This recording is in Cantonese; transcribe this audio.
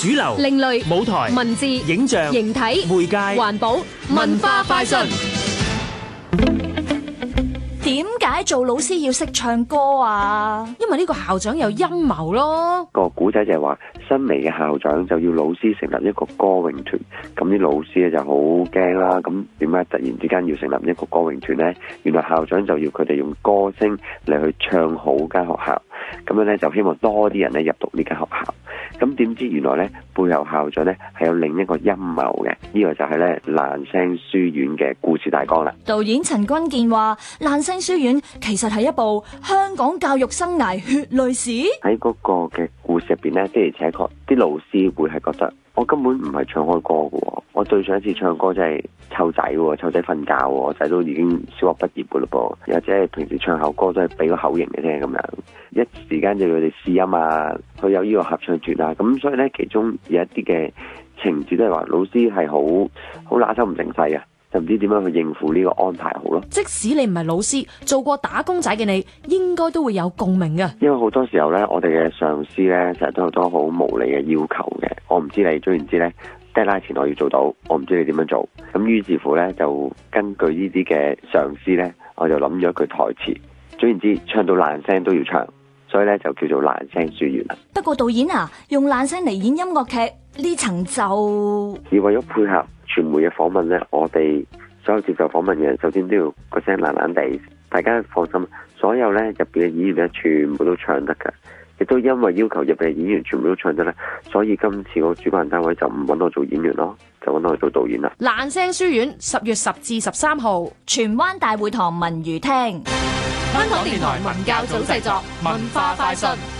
主流、另類、舞台、文字、影像、形體、媒介、環保、文化快訊，點？做老師要識唱歌啊！因為呢個校長有陰謀咯。個古仔就係話，新嚟嘅校長就要老師成立一個歌詠團，咁啲老師咧就好驚啦。咁點解突然之間要成立一個歌詠團呢？原來校長就要佢哋用歌聲嚟去唱好間學校，咁樣咧就希望多啲人咧入讀呢間學校。咁點知原來咧背後校長咧係有另一個陰謀嘅。呢個就係咧爛聲書院嘅故事大綱啦。導演陳君健話：爛聲書院。其實係一部香港教育生涯血淚史。喺嗰個嘅故事入邊呢，即係而且，確啲老師會係覺得我根本唔係唱開歌嘅。我對上一次唱歌就係湊仔，湊仔瞓覺，仔都已經小學畢業嘅嘞噃。或者係平時唱口歌都係俾個口型俾你聽咁樣。一時間就要佢哋試音啊，佢有呢個合唱團啊，咁所以呢，其中有一啲嘅情節都係話，老師係好好拿手唔成世啊。就唔知點樣去應付呢個安排好咯。即使你唔係老師，做過打工仔嘅你，應該都會有共鳴嘅。因為好多時候呢，我哋嘅上司呢，成日都有好多好無理嘅要求嘅。我唔知你，總言之呢，deadline 前我要做到，我唔知你點樣做。咁於是乎呢，就根據呢啲嘅上司呢，我就諗咗句台詞。總言之，唱到爛聲都要唱，所以呢，就叫做爛聲書院啦。不過導演啊，用爛聲嚟演音樂劇呢層就要為咗配合。傳媒嘅訪問咧，我哋所有接受訪問嘅人，首先都要個聲爛爛哋。大家放心，所有咧入邊嘅演員咧，全部都唱得噶。亦都因為要求入邊嘅演員全部都唱得咧，所以今次個主辦單位就唔揾我做演員咯，就揾我做導演啦。爛聲書院十月十至十三號，荃灣大會堂文娛廳。香港電台文教組製作，文化快訊。